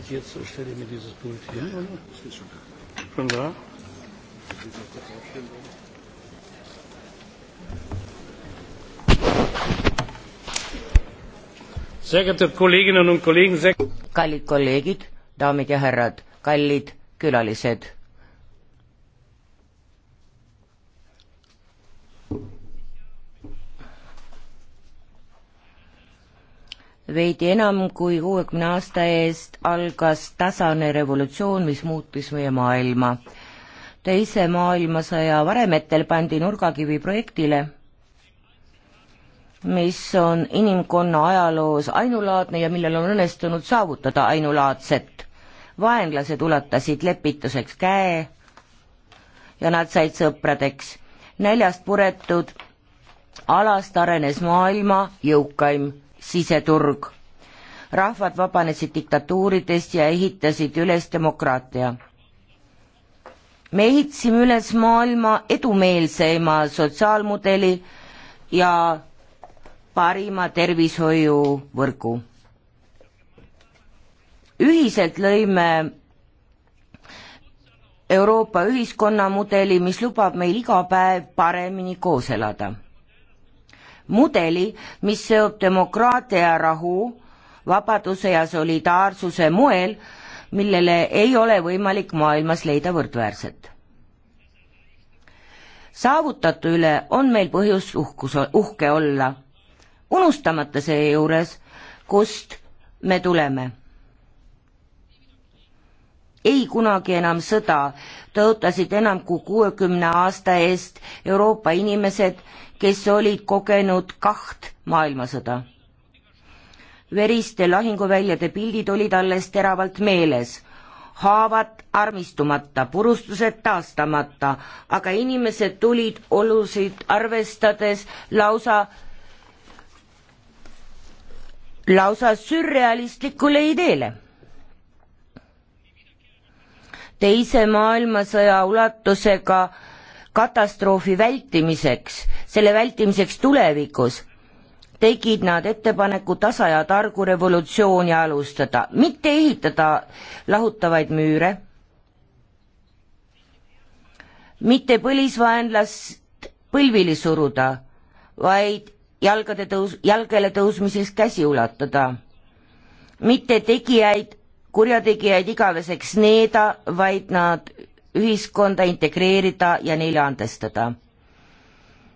hat jetzt, ich stelle mir dieses Pult hier. Ja, ja, das ist schon da. Schon da? Sehr geehrte Kolleginnen und Kollegen, sehr kallid kolleegid, daamid ja härrad, kallid külalised veidi enam kui kuuekümne aasta eest algas tasane revolutsioon, mis muutis meie maailma. teise maailmasõja varemetel pandi nurgakivi projektile, mis on inimkonna ajaloos ainulaadne ja millel on õnnestunud saavutada ainulaadset. vaenlased ulatasid lepituseks käe ja nad said sõpradeks. näljast puretud alast arenes maailma jõukaim siseturg. rahvad vabanesid diktatuuridest ja ehitasid üles demokraatia. me ehitasime üles maailma edumeelseima sotsiaalmudeli ja parima tervishoiuvõrgu. ühiselt lõime Euroopa ühiskonnamudeli, mis lubab meil iga päev paremini koos elada mudeli, mis seob demokraatia ja rahu, vabaduse ja solidaarsuse moel, millele ei ole võimalik maailmas leida võrdväärset. saavutatu üle on meil põhjust uhkus, uhke olla, unustamata seejuures, kust me tuleme ei kunagi enam sõda, tõotasid enam kui kuuekümne aasta eest Euroopa inimesed, kes olid kogenud kaht maailmasõda. veriste lahinguväljade pildid olid alles teravalt meeles, haavad armistumata, purustused taastamata, aga inimesed tulid olusid arvestades lausa lausa sürrealistlikule ideele teise maailmasõja ulatusega katastroofi vältimiseks, selle vältimiseks tulevikus, tegid nad ettepaneku tasa ja targu revolutsiooni alustada, mitte ehitada lahutavaid müüre, mitte põlisvaenlast põlvili suruda, vaid jalgade tõus, jalgele tõusmiseks käsi ulatada, mitte tegijaid kurjategijaid igaveseks needa, vaid nad ühiskonda integreerida ja neile andestada.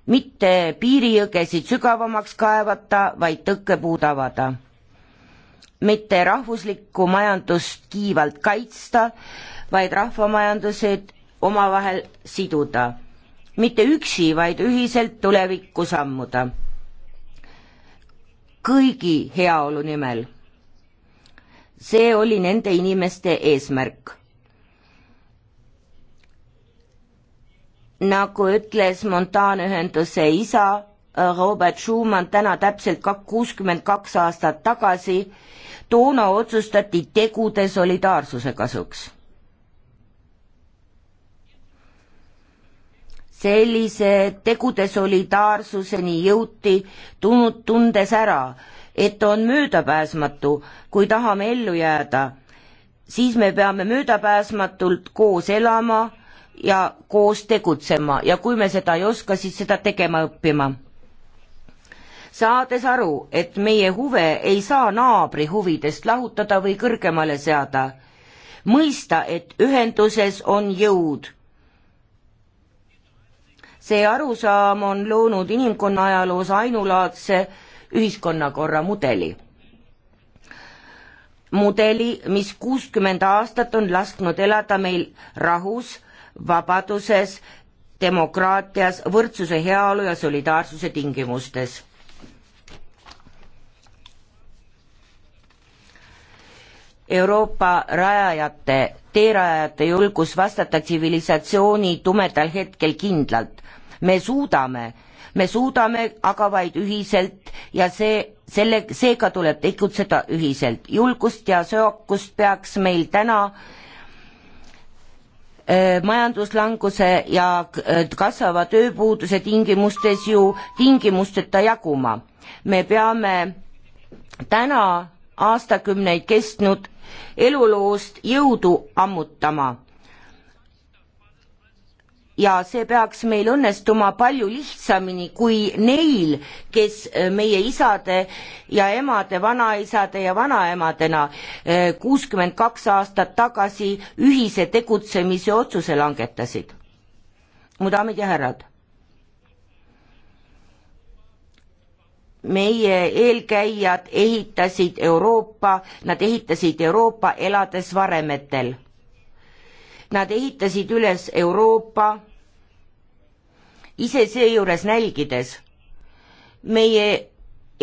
mitte piirijõgesid sügavamaks kaevata, vaid tõkkepuud avada. mitte rahvuslikku majandust kiivalt kaitsta, vaid rahvamajandused omavahel siduda. mitte üksi, vaid ühiselt tulevikku sammuda. kõigi heaolu nimel see oli nende inimeste eesmärk. nagu ütles montaanühenduse isa äh, Robert Schumann täna täpselt kuuskümmend kaks aastat tagasi, toona otsustati tegude solidaarsuse kasuks. sellise tegude solidaarsuseni jõuti tun-, tundes ära, et on möödapääsmatu, kui tahame ellu jääda, siis me peame möödapääsmatult koos elama ja koos tegutsema ja kui me seda ei oska, siis seda tegema õppima. saades aru, et meie huve ei saa naabri huvidest lahutada või kõrgemale seada, mõista, et ühenduses on jõud. see arusaam on loonud inimkonna ajaloos ainulaadse ühiskonnakorra mudeli. mudeli, mis kuuskümmend aastat on lasknud elada meil rahus, vabaduses, demokraatias, võrdsuse, heaolu ja solidaarsuse tingimustes. Euroopa rajajate, teerajajate julgus vastata tsivilisatsiooni tumedal hetkel kindlalt. me suudame me suudame aga vaid ühiselt ja see, selle, seega tuleb tegutseda ühiselt. julgust ja söokust peaks meil täna äh, majanduslanguse ja äh, kasvava tööpuuduse tingimustes ju tingimusteta jaguma. me peame täna aastakümneid kestnud eluloost jõudu ammutama ja see peaks meil õnnestuma palju lihtsamini kui neil, kes äh, meie isade ja emade, vanaisade ja vanaemadena äh, kuuskümmend kaks aastat tagasi ühise tegutsemise otsuse langetasid. mu daamid ja härrad, meie eelkäijad ehitasid Euroopa, nad ehitasid Euroopa elades varemetel Nad ehitasid üles Euroopa, ise seejuures nälgides. meie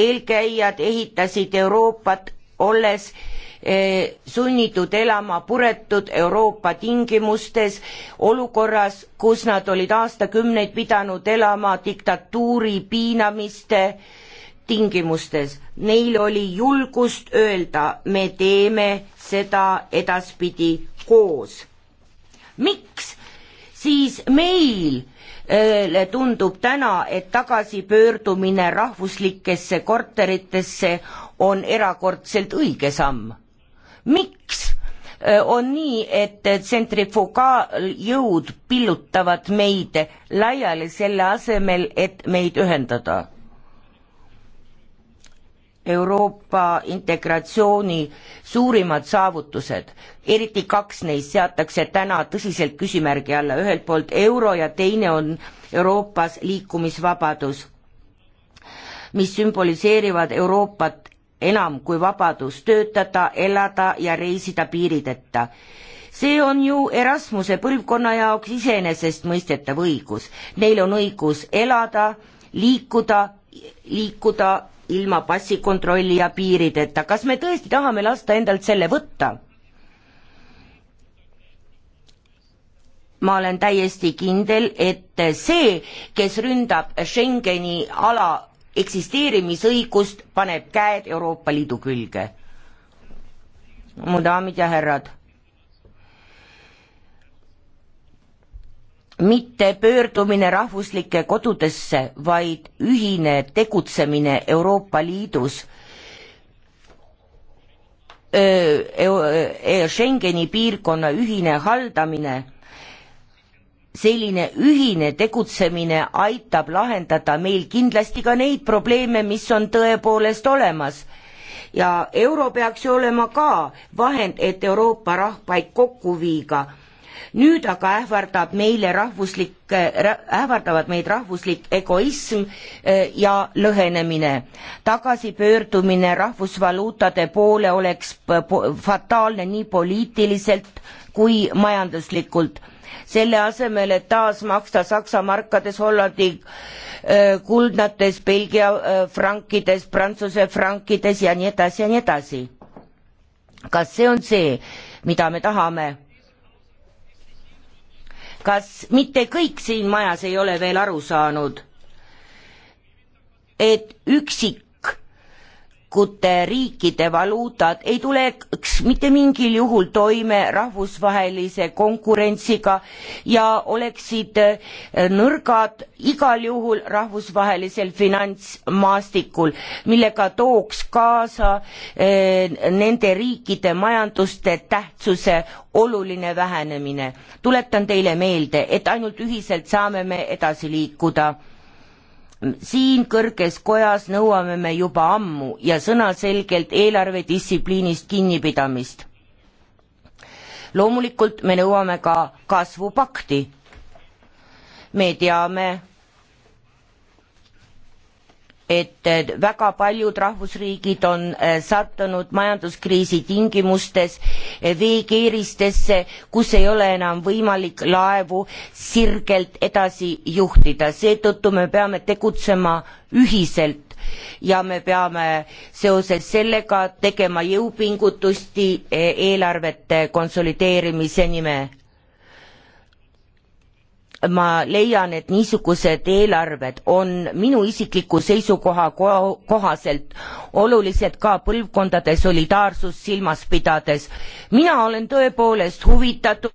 eelkäijad ehitasid Euroopat, olles eh, sunnitud elama puretud Euroopa tingimustes, olukorras, kus nad olid aastakümneid pidanud elama diktatuuri piinamiste tingimustes. Neil oli julgust öelda, me teeme seda edaspidi koos miks, siis meil tundub täna, et tagasipöördumine rahvuslikesse korteritesse on erakordselt õige samm. miks on nii, et tsentrifugaaljõud pillutavad meid laiali selle asemel, et meid ühendada? Euroopa integratsiooni suurimad saavutused, eriti kaks neist seatakse täna tõsiselt küsimärgi alla, ühelt poolt euro ja teine on Euroopas liikumisvabadus, mis sümboliseerivad Euroopat enam kui vabadus töötada, elada ja reisida piirideta see on ju Erasmuse põlvkonna jaoks iseenesestmõistetav õigus. Neil on õigus elada, liikuda, liikuda ilma passikontrolli ja piirideta, kas me tõesti tahame lasta endalt selle võtta? ma olen täiesti kindel, et see, kes ründab Schengeni ala eksisteerimisõigust, paneb käed Euroopa Liidu külge. mu daamid ja härrad mitte pöördumine rahvuslike kodudesse, vaid ühine tegutsemine Euroopa Liidus Schengeni piirkonna ühine haldamine, selline ühine tegutsemine aitab lahendada meil kindlasti ka neid probleeme, mis on tõepoolest olemas. ja euro peaks ju olema ka vahend, et Euroopa rahvaid kokku viiga nüüd aga ähvardab meile rahvuslik, äh, ähvardavad meid rahvuslik egoism äh, ja lõhenemine. tagasipöördumine rahvusvaluutade poole oleks fataalne nii poliitiliselt kui majanduslikult. selle asemel, et taas maksta Saksa markades, Hollandi äh, kuldnates, Belgia frankides, Prantsuse frankides ja nii edasi ja nii edasi. kas see on see, mida me tahame? kas mitte kõik siin majas ei ole veel aru saanud, et üksik ühikute riikide valuutad ei tuleks mitte mingil juhul toime rahvusvahelise konkurentsiga ja oleksid eh, nõrgad igal juhul rahvusvahelisel finantsmaastikul, millega tooks kaasa eh, nende riikide majanduste tähtsuse oluline vähenemine. tuletan teile meelde, et ainult ühiselt saame me edasi liikuda siin kõrges kojas nõuame me juba ammu ja sõnaselgelt eelarvedistsipliinist kinnipidamist. loomulikult me nõuame ka kasvupakti. me teame, et väga paljud rahvusriigid on äh, sattunud majanduskriisi tingimustes äh, veekeeristesse, kus ei ole enam võimalik laevu sirgelt edasi juhtida, seetõttu me peame tegutsema ühiselt ja me peame seoses sellega tegema jõupingutusti äh, eelarvete konsolideerimise nime, ma leian, et niisugused eelarved on minu isikliku seisukoha kohaselt olulised ka põlvkondade solidaarsust silmas pidades. mina olen tõepoolest huvitatud,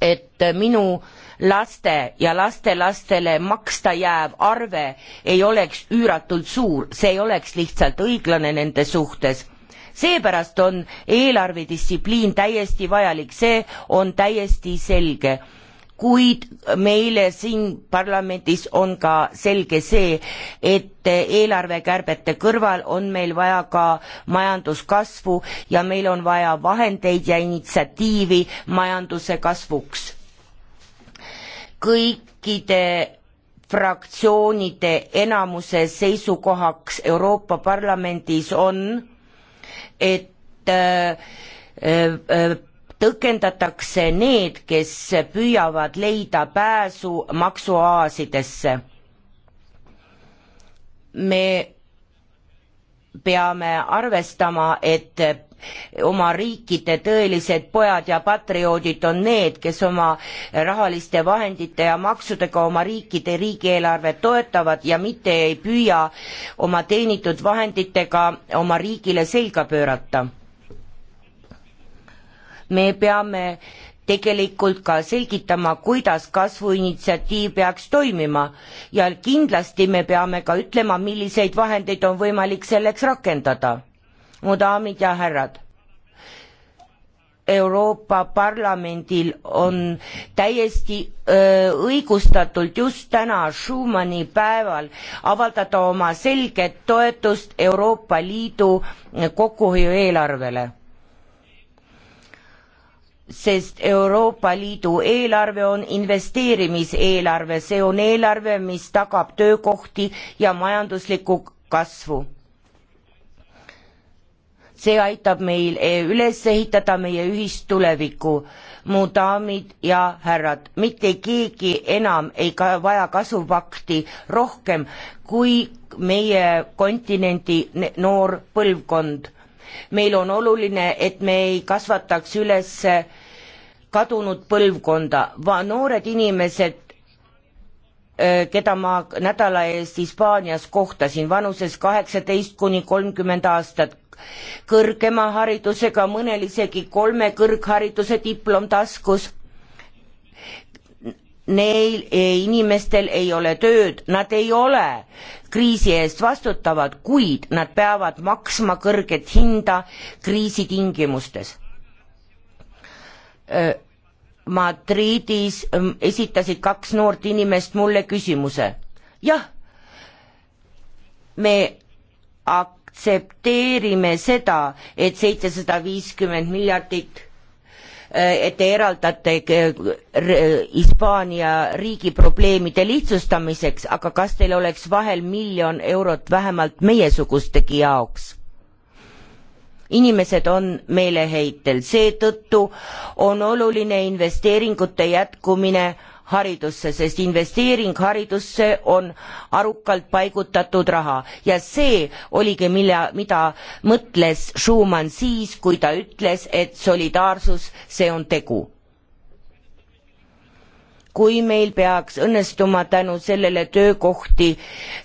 et minu laste ja lastelastele maksta jääv arve ei oleks üüratult suur, see ei oleks lihtsalt õiglane nende suhtes seepärast on eelarvedistsipliin täiesti vajalik see on täiesti selge kuid meile siin parlamendis on ka selge see, et eelarvekärbete kõrval on meil vaja ka majanduskasvu ja meil on vaja vahendeid ja initsiatiivi majanduse kasvuks. kõikide fraktsioonide enamuse seisukohaks Euroopa Parlamendis on, et äh, äh, tõkendatakse need, kes püüavad leida pääsu maksuaasidesse. me peame arvestama, et oma riikide tõelised pojad ja patrioodid on need, kes oma rahaliste vahendite ja maksudega oma riikide riigieelarvet toetavad ja mitte ei püüa oma teenitud vahenditega oma riigile selga pöörata me peame tegelikult ka selgitama, kuidas kasvuinitsiatiiv peaks toimima ja kindlasti me peame ka ütlema, milliseid vahendeid on võimalik selleks rakendada. mu daamid ja härrad, Euroopa Parlamendil on täiesti öö, õigustatult just täna Schumanni päeval avaldada oma selget toetust Euroopa Liidu kokkuhoiueelarvele sest Euroopa Liidu eelarve on investeerimiseelarve, see on eelarve, mis tagab töökohti ja majanduslikku kasvu. see aitab meil üles ehitada meie ühist tulevikku. mu daamid ja härrad, mitte keegi enam ei ka vaja kasvupakti rohkem kui meie kontinendi noor põlvkond. meil on oluline, et me ei kasvataks üles kadunud põlvkonda, noored inimesed, äh, keda ma nädala eest Hispaanias kohtasin, vanuses kaheksateist kuni kolmkümmend aastat, kõrgema haridusega, mõnel isegi kolme kõrghariduse diplom taskus. Neil e, inimestel ei ole tööd, nad ei ole kriisi eest vastutavad, kuid nad peavad maksma kõrget hinda kriisi tingimustes Äh, Madridis ähm, esitasid kaks noort inimest mulle küsimuse. jah, me aktsepteerime seda, et seitsesada viiskümmend miljardit äh, et te eraldate äh, Hispaania riigi probleemide lihtsustamiseks, aga kas teil oleks vahel miljon eurot vähemalt meiesuguste jaoks? inimesed on meeleheitel, seetõttu on oluline investeeringute jätkumine haridusse, sest investeering haridusse on arukalt paigutatud raha ja see oligi, mille, mida mõtles Schumann siis, kui ta ütles, et solidaarsus, see on tegu kui meil peaks õnnestuma tänu sellele töökohti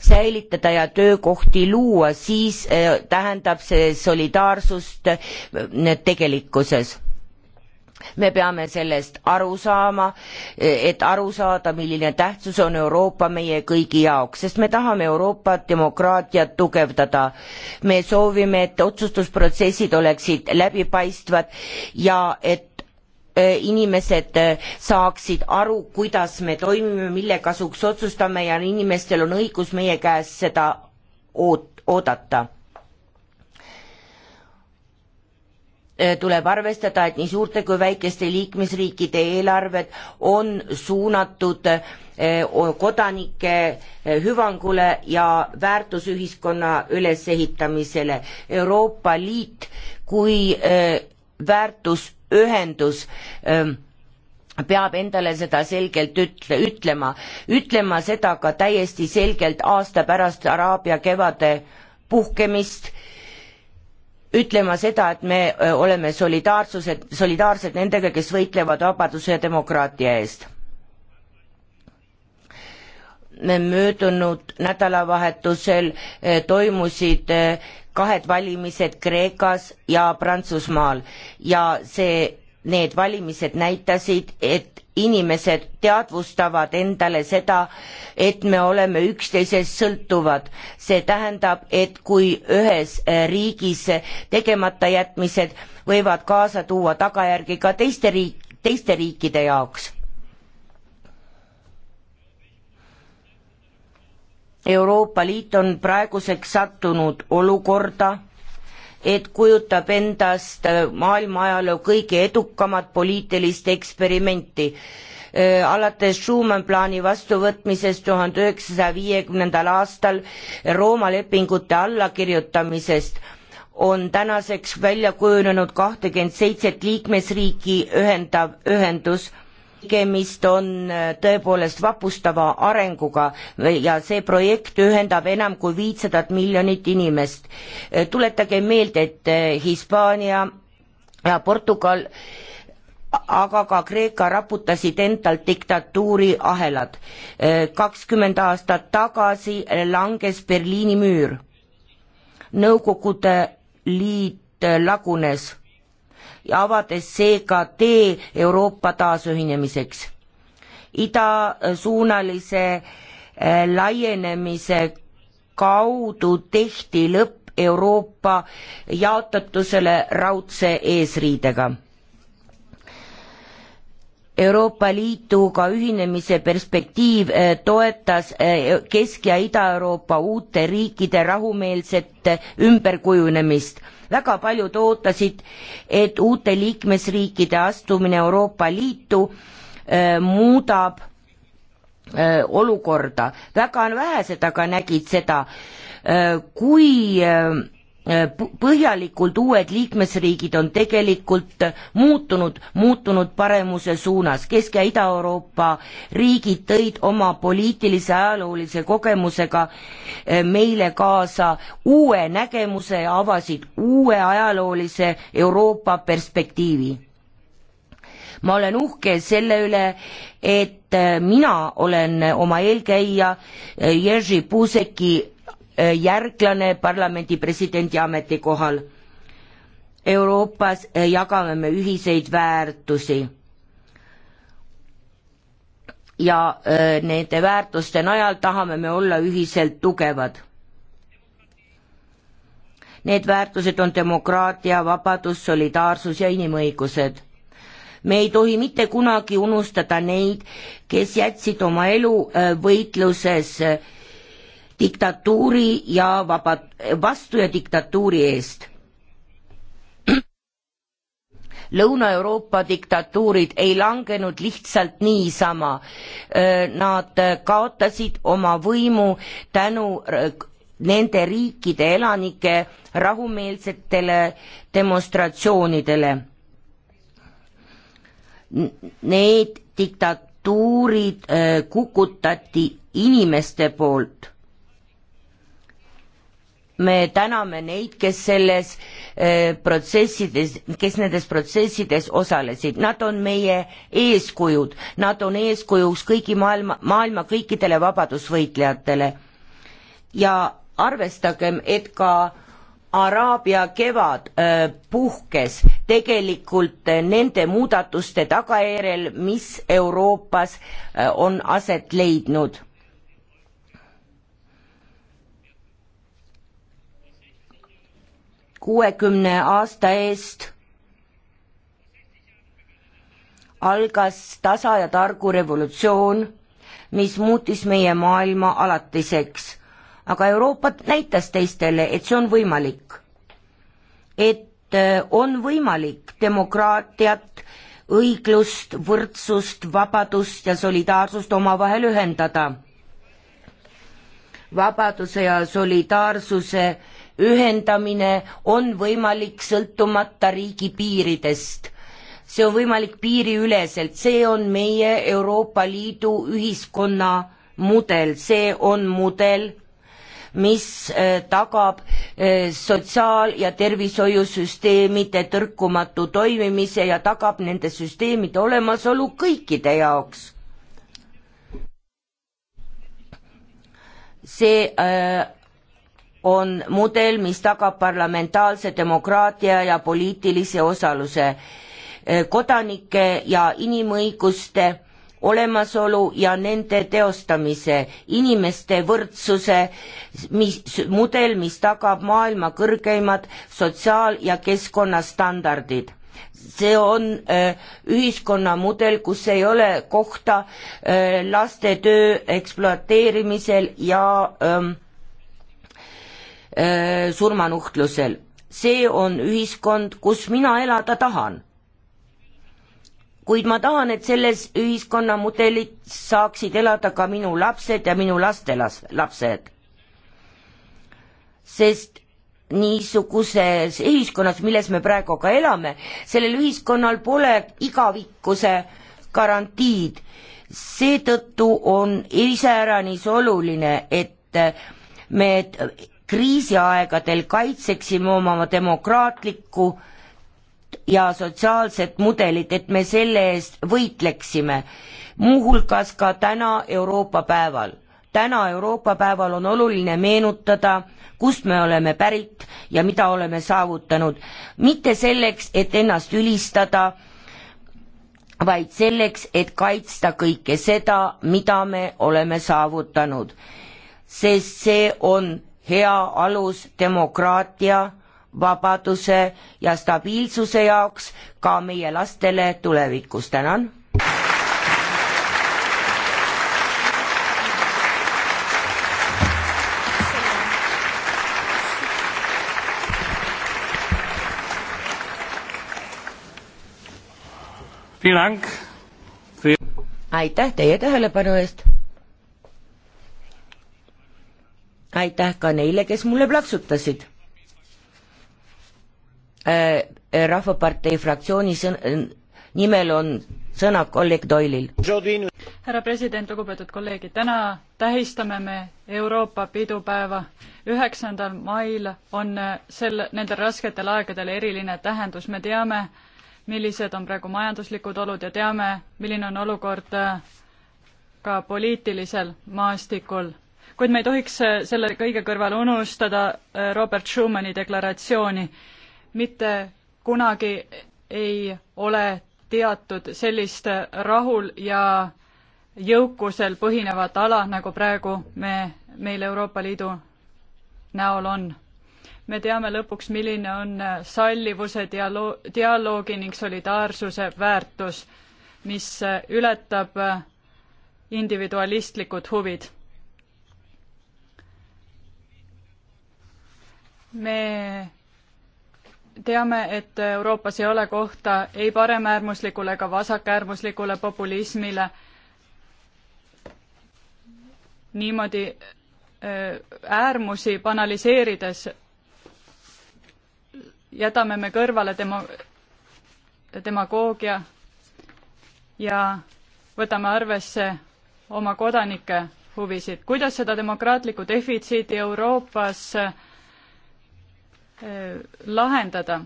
säilitada ja töökohti luua, siis äh, tähendab see solidaarsust äh, tegelikkuses me peame sellest aru saama, äh, et aru saada, milline tähtsus on Euroopa meie kõigi jaoks, sest me tahame Euroopat, demokraatiat tugevdada. me soovime, et otsustusprotsessid oleksid läbipaistvad ja et Äh, inimesed äh, saaksid aru, kuidas me toimime, mille kasuks otsustame ja inimestel on õigus meie käest seda oot-, oodata. Äh, tuleb arvestada, et nii suurte kui väikeste liikmesriikide eelarved on suunatud kodanike hüvangule ja väärtusühiskonna ülesehitamisele. Euroopa Liit kui väärtus ühendus öö, ähm, peab endale seda selgelt ütle, ütlema, ütlema seda ka täiesti selgelt aasta pärast Araabia kevade puhkemist, ütlema seda, et me äh, oleme solidaarsused, solidaarsed nendega, kes võitlevad vabaduse ja demokraatia eest möödunud nädalavahetusel eh, toimusid eh, kahed valimised Kreekas ja Prantsusmaal ja see, need valimised näitasid, et inimesed teadvustavad endale seda, et me oleme üksteisest sõltuvad. see tähendab, et kui ühes eh, riigis tegemata jätmised võivad kaasa tuua tagajärgi ka teiste riik, teiste riikide jaoks Euroopa Liit on praeguseks sattunud olukorda, et kujutab endast äh, maailma ajaloo kõige edukamat poliitilist eksperimenti. Äh, alates Schumann plaani vastuvõtmisest tuhande üheksasaja viiekümnendal aastal Rooma lepingute allakirjutamisest on tänaseks välja kujunenud kahtekümmend seitset liikmesriiki ühendav ühendus tegemist on äh, tõepoolest vapustava arenguga ja see projekt ühendab enam kui viitsadat miljonit inimest. Äh, tuletage meelde, et äh, Hispaania ja Portugal aga ka Kreeka raputasid endalt diktatuuri ahelad. kakskümmend aastat tagasi langes Berliini müür. Nõukogude Liit lagunes ja avades seega tee Euroopa taasühinemiseks. idasuunalise äh, laienemise kaudu tehti lõpp Euroopa jaotatusele raudse eesriidega Euroopa Liiduga ühinemise perspektiiv eh, toetas eh, Kesk- ja Ida-Euroopa uute riikide rahumeelset eh, ümberkujunemist. väga paljud ootasid, et uute liikmesriikide astumine Euroopa Liitu muudab olukorda, väga vähesed aga nägid seda, kui Äh, põhjalikult uued liikmesriigid on tegelikult muutunud, muutunud paremuse suunas. Kesk- ja Ida-Euroopa riigid tõid oma poliitilise ajaloolise kogemusega äh, meile kaasa uue nägemuse ja avasid uue ajaloolise Euroopa perspektiivi. ma olen uhke selle üle, et äh, mina olen oma eelkäija Jerzy Puuseki Äh, järglane parlamendi presidendi ametikohal. Euroopas äh, jagame me ühiseid väärtusi. ja äh, nende väärtuste najal tahame me olla ühiselt tugevad. Need väärtused on demokraatia, vabadus, solidaarsus ja inimõigused me ei tohi mitte kunagi unustada neid, kes jätsid oma elu võitluses diktatuuri ja vaba, vastu ja diktatuuri eest. Lõuna-Euroopa diktatuurid ei langenud lihtsalt niisama, nad kaotasid oma võimu tänu nende riikide elanike rahumeelsetele demonstratsioonidele. Need diktatuurid kukutati inimeste poolt me täname neid, kes selles äh, protsessides, kes nendes protsessides osalesid, nad on meie eeskujud, nad on eeskujuks kõigi maailma, maailma kõikidele vabadusvõitlejatele. ja arvestagem, et ka Araabia kevad öö, äh, puhkes tegelikult äh, nende muudatuste tagajärjel, mis Euroopas öö, on aset leidnud kuuekümne aasta eest algas tasa ja targu revolutsioon, mis muutis meie maailma alatiseks. aga Euroopa näitas teistele, et see on võimalik. et äh, on võimalik demokraatiat, õiglust, võrdsust, vabadust ja solidaarsust omavahel ühendada. vabaduse ja solidaarsuse ühendamine on võimalik sõltumata riigipiiridest. see on võimalik piiriüleselt, see on meie Euroopa Liidu ühiskonna mudel, see on mudel, mis äh, tagab äh, sotsiaal- ja tervishoiusüsteemide tõrkumatu toimimise ja tagab nende süsteemide olemasolu kõikide jaoks see äh, on mudel, mis tagab parlamentaarse demokraatia ja poliitilise osaluse, eh, kodanike ja inimõiguste olemasolu ja nende teostamise, inimeste võrdsuse, mis, mudel, mis tagab maailma kõrgeimad sotsiaal- ja keskkonnastandardid. see on öö, eh, ühiskonna mudel, kus ei ole kohta öö, eh, laste töö ekspluateerimisel ja öö, ehm, Äh, surmanuhtlusel. see on ühiskond, kus mina elada tahan. kuid ma tahan, et selles ühiskonnamudelis saaksid elada ka minu lapsed ja minu lastelapsed. sest niisuguses ühiskonnas, milles me praegu ka elame, sellel ühiskonnal pole igavikkuse garantiid. seetõttu on iseäranis oluline, et me kriisiaegadel kaitseksime oma demokraatlikku ja sotsiaalset mudelit, et me selle eest võitleksime, muuhulgas ka täna Euroopa päeval. täna Euroopa päeval on oluline meenutada, kust me oleme pärit ja mida oleme saavutanud, mitte selleks, et ennast ülistada, vaid selleks, et kaitsta kõike seda, mida me oleme saavutanud. sest see on hea alus demokraatia, vabaduse ja stabiilsuse jaoks ka meie lastele tulevikus, tänan. aitäh teie tähelepanu eest aitäh ka neile, kes mulle plaksutasid äh,. äh rahvapartei fraktsiooni sõn-, äh, nimel on sõna kolleeg Doilil. härra president, lugupeetud kolleegid, täna tähistame me Euroopa pidupäeva. üheksandal mail on sel, nendel rasketel aegadel eriline tähendus, me teame, millised on praegu majanduslikud olud ja teame, milline on olukord äh, ka poliitilisel maastikul kuid me ei tohiks äh, selle kõige kõrval unustada äh, Robert Schumani deklaratsiooni. mitte kunagi ei ole teatud sellist rahul ja jõukusel põhinevat ala, nagu praegu me, meil Euroopa Liidu näol on. me teame lõpuks, milline on äh, sallivuse dialoo-, dialoogi ning solidaarsuse väärtus, mis ületab individualistlikud huvid me teame, et Euroopas ei ole kohta ei paremäärmuslikule ega vasakäärmuslikule populismile. niimoodi äärmusi banaliseerides jätame me kõrvale demo-, demagoogia ja võtame arvesse oma kodanike huvisid. kuidas seda demokraatlikku defitsiiti Euroopas äh, Äh, lahendada.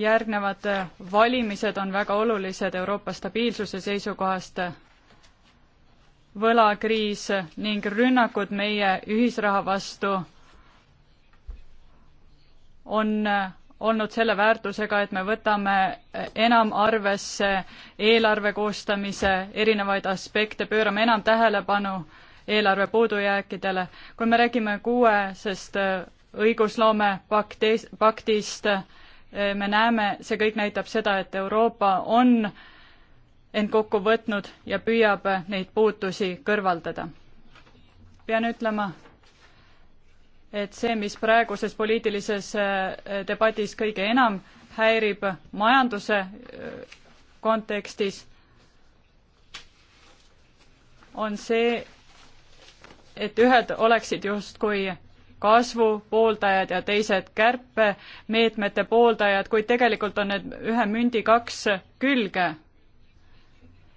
järgnevad äh, valimised on väga olulised Euroopa stabiilsuse seisukohast. Äh, võlakriis ning rünnakud meie ühisraha vastu on olnud selle väärtusega, et me võtame enam arvesse eelarve koostamise erinevaid aspekte, pöörame enam tähelepanu äh, eelarve puudujääkidele. kui me räägime kuuesest äh, õigusloome paktis, paktist, äh, me näeme, see kõik näitab seda, et Euroopa on end kokku võtnud ja püüab äh, neid puutusi kõrvaldada. pean ütlema, et see, mis praeguses poliitilises debatis kõige enam häirib majanduse kontekstis, on see, et ühed oleksid justkui kasvu pooldajad ja teised kärpemeetmete pooldajad, kuid tegelikult on need ühe mündi kaks külge.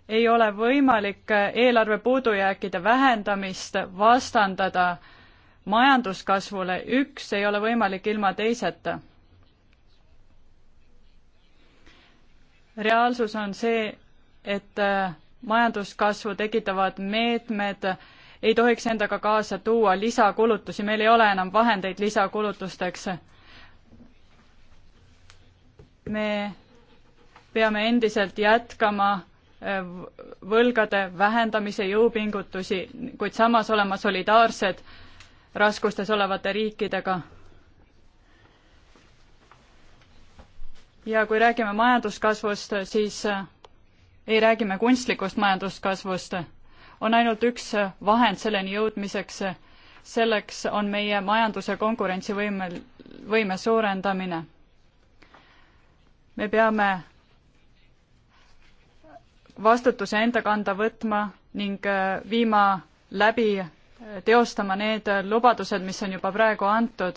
ei ole võimalik eelarve puudujääkide vähendamist vastandada majanduskasvule, üks ei ole võimalik ilma teiseta. reaalsus on see, et majanduskasvu tekitavad meetmed ei tohiks endaga kaasa tuua lisakulutusi, meil ei ole enam vahendeid lisakulutusteks. me peame endiselt jätkama äh, võlgade vähendamise jõupingutusi, kuid samas olema solidaarsed raskustes olevate riikidega ja kui räägime majanduskasvust, siis äh, ei räägi me kunstlikust majanduskasvust on ainult üks vahend selleni jõudmiseks, selleks on meie majanduse konkurentsivõime, võime suurendamine. me peame vastutuse enda kanda võtma ning äh, viima läbi, äh, teostama need lubadused, mis on juba praegu antud.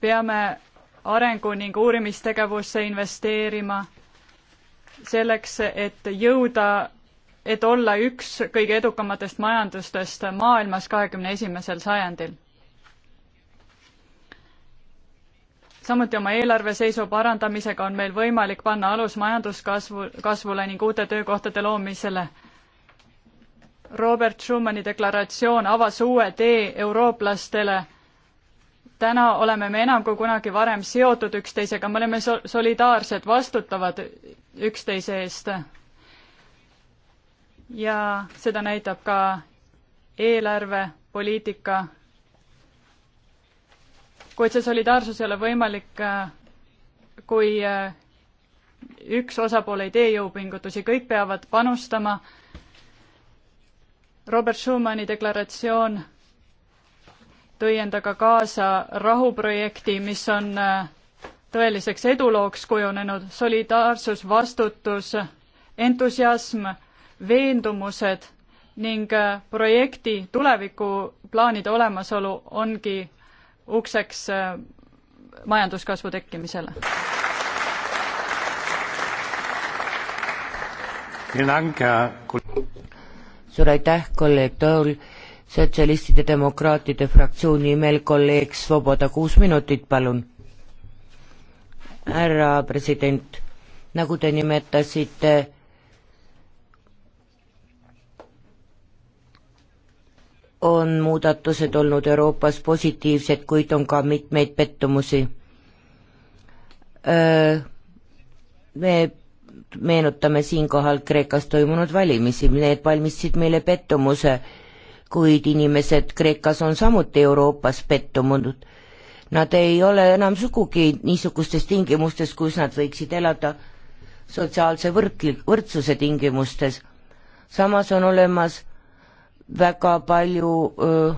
peame arengu ning uurimistegevusse investeerima selleks, et jõuda et olla üks kõige edukamatest majandustest maailmas kahekümne esimesel sajandil. samuti oma eelarve seisu parandamisega on meil võimalik panna alus majanduskasvu, kasvule ning uute töökohtade loomisele. Robert Schumani deklaratsioon avas uue tee eurooplastele. täna oleme me enam kui kunagi varem seotud üksteisega, me oleme solidaarsed, vastutavad üksteise eest ja seda näitab ka eelarvepoliitika. kuid see solidaarsus ei ole võimalik, äh, kui äh, üks osapool ei tee jõupingutusi, kõik peavad panustama. Robert Schumani deklaratsioon tõi endaga kaasa rahuprojekti, mis on äh, tõeliseks edulooks kujunenud, solidaarsus, vastutus, entusiasm veendumused ning äh, projekti tulevikuplaanide olemasolu ongi ukseks äh, majanduskasvu tekkimisele. suur aitäh, kolleeg Tool, sotsialistide demokraatide fraktsiooni nimel kolleeg Svoboda, kuus minutit, palun. härra president, nagu te nimetasite, on muudatused olnud Euroopas positiivsed, kuid on ka mitmeid pettumusi. me meenutame siinkohal Kreekas toimunud valimisi, need valmistasid meile pettumuse, kuid inimesed Kreekas on samuti Euroopas pettumunud. Nad ei ole enam sugugi niisugustes tingimustes, kus nad võiksid elada sotsiaalse võrdli-, võrdsuse tingimustes. samas on olemas väga palju öö,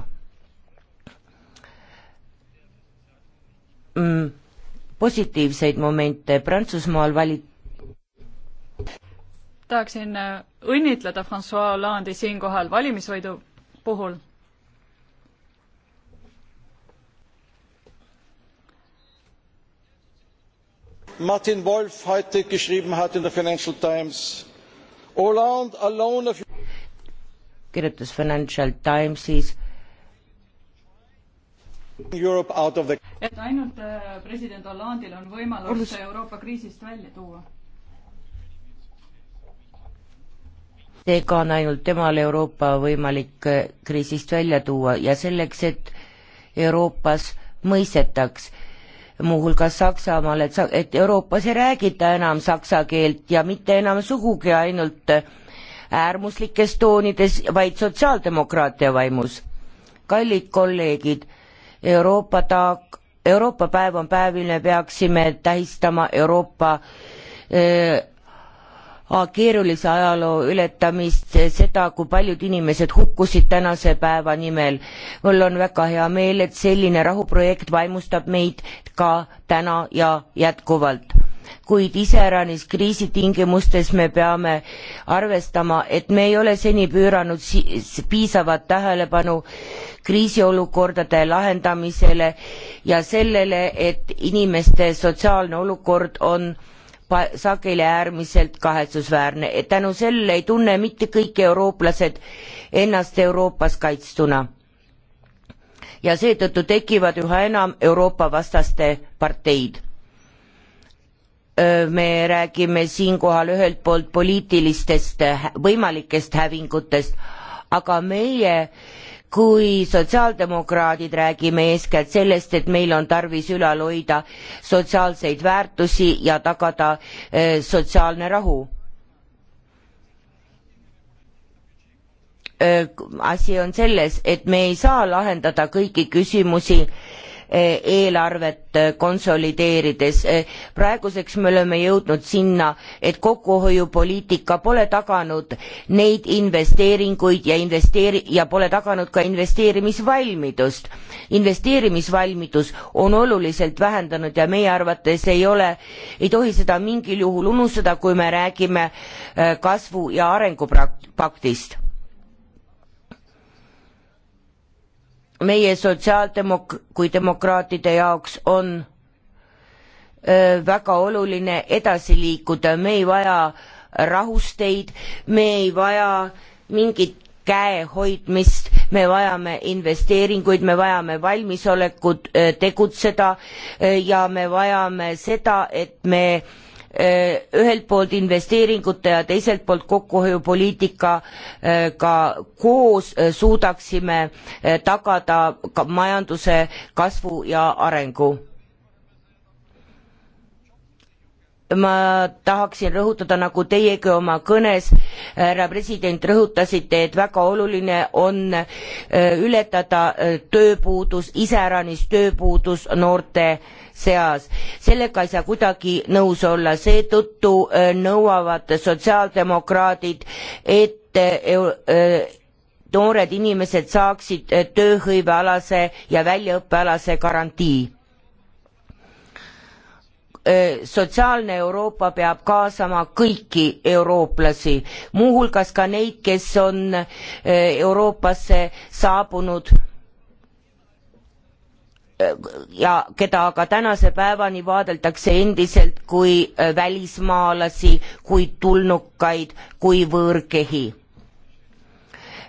mm, positiivseid momente, Prantsusmaal valit-. tahaksin õnnitleda Francois Hollande'i siinkohal valimisvõidu puhul. Martin Wolf heute geschrieben hat in der Financial Times Hollande alone of kirjutas Financial Timesis The... et ainult äh, president Hollandil on võimalus Euroopa kriisist välja tuua. seega on ainult temal Euroopa võimalik äh, kriisist välja tuua ja selleks, et Euroopas mõistetaks, muuhulgas Saksamaal, et, et Euroopas ei räägita enam saksa keelt ja mitte enam sugugi ainult äh, äärmuslikes toonides, vaid sotsiaaldemokraatia vaimus. kallid kolleegid, Euroopa taak, Euroopa päev on päev, mil me peaksime tähistama Euroopa öö, äh, keerulise ajaloo ületamist, seda, kui paljud inimesed hukkusid tänase päeva nimel. mul on väga hea meel, et selline rahuprojekt vaimustab meid ka täna ja jätkuvalt kuid iseäranis kriisitingimustes me peame arvestama et me ei ole seni pööranud si piisavat tähelepanu kriisiolukordade lahendamisele ja sellele et inimeste sotsiaalne olukord on sageli äärmiselt kahetsusväärne et tänu sellele ei tunne mitte kõik eurooplased ennast euroopas kaitstuna ja seetõttu tekivad üha enam euroopa vastaste parteid me räägime siinkohal ühelt poolt poliitilistest võimalikest hävingutest, aga meie kui sotsiaaldemokraadid räägime eeskätt sellest, et meil on tarvis ülal hoida sotsiaalseid väärtusi ja tagada sotsiaalne rahu. asi on selles, et me ei saa lahendada kõiki küsimusi Eh, eelarvet eh, konsolideerides. Eh, praeguseks me oleme jõudnud sinna, et kokkuhoiupoliitika pole taganud neid investeeringuid ja investeeri- ja pole taganud ka investeerimisvalmidust. investeerimisvalmidus on oluliselt vähendanud ja meie arvates ei ole, ei tohi seda mingil juhul unustada, kui me räägime kasvu ja arengupaktist meie sotsiaaldemok-, kui demokraatide jaoks on öö, väga oluline edasi liikuda, me ei vaja rahusteid, me ei vaja mingit käehoidmist, me vajame investeeringuid, me vajame valmisolekut tegutseda ja me vajame seda, et me öö, Äh, ühelt poolt investeeringute ja teiselt poolt kokkuhoiupoliitikaga äh, koos äh, suudaksime tagada ka majanduse kasvu ja arengu. ma tahaksin rõhutada nagu teiegi oma kõnes härra president rõhutasite et väga oluline on äh, ületada äh, tööpuudus iseäranis tööpuudus noorte seas sellega ei saa kuidagi nõus olla seetõttu äh, nõuavad sotsiaaldemokraadid et noored inimesed saaksid tööhõivealase ja väljaõppealase garantii sotsiaalne Euroopa peab kaasama kõiki eurooplasi, muuhulgas ka neid, kes on Euroopasse saabunud ja keda aga tänase päevani vaadeldakse endiselt kui välismaalasi, kui tulnukaid, kui võõrkehi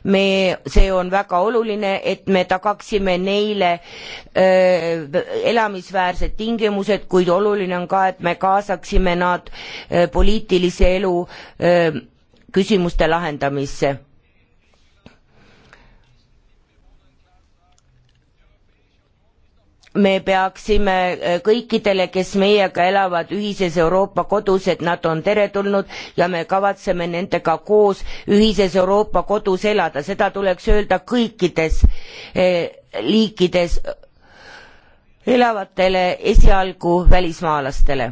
me, see on väga oluline, et me tagaksime neile öö, elamisväärsed tingimused, kuid oluline on ka, et me kaasaksime nad öö, poliitilise elu öö, küsimuste lahendamisse me peaksime äh, kõikidele, kes meiega elavad ühises Euroopa kodus, et nad on teretulnud ja me kavatseme nendega koos ühises Euroopa kodus elada, seda tuleks öelda kõikides äh, liikides äh, elavatele esialgu välismaalastele.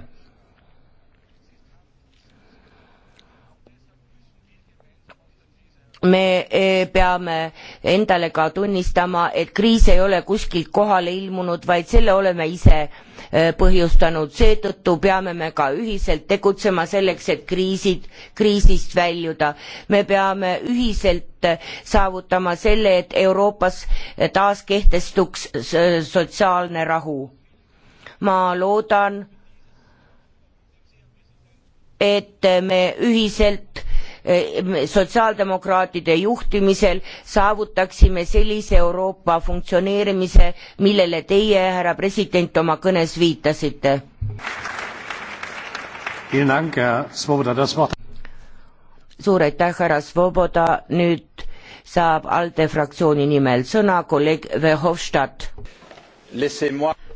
me e, peame endale ka tunnistama et kriis ei ole kuskilt kohale ilmunud vaid selle oleme ise e, põhjustanud seetõttu peame me ka ühiselt tegutsema selleks et kriisid kriisist väljuda me peame ühiselt e, saavutama selle et euroopas taas kehtestuks sotsiaalne rahu ma loodan et me ühiselt Eh, sotsiaaldemokraatide juhtimisel saavutaksime sellise euroopa funktsioneerimise millele teie härra president oma kõnes viitasite. suur aitäh härra swoboda nüüd saab alde fraktsiooni nimel sõna kolleeg verhofstadt.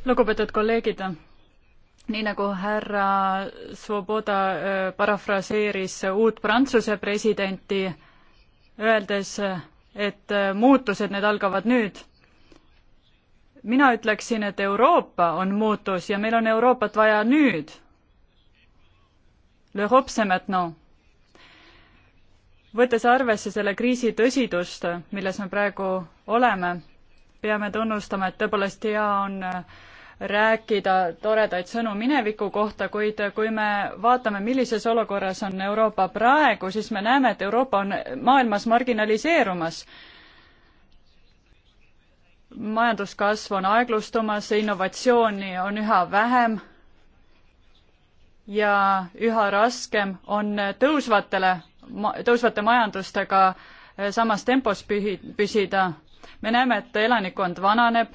lugupeetud kolleegid nii nagu härra Svoboda äh, parafraseeris uut Prantsuse presidenti, öeldes, et äh, muutused, need algavad nüüd. mina ütleksin, et Euroopa on muutus ja meil on Euroopat vaja nüüd. L'Europe c'est maintenant. võttes arvesse selle kriisi tõsidust, milles me praegu oleme, peame tunnustama, et tõepoolest hea on äh, rääkida toredaid sõnu mineviku kohta, kuid kui me vaatame, millises olukorras on Euroopa praegu, siis me näeme, et Euroopa on maailmas marginaliseerumas. majanduskasv on aeglustumas, innovatsiooni on üha vähem ja üha raskem on tõusvatele, tõusvate majandustega samas tempos pühi, püsida. me näeme, et elanikkond vananeb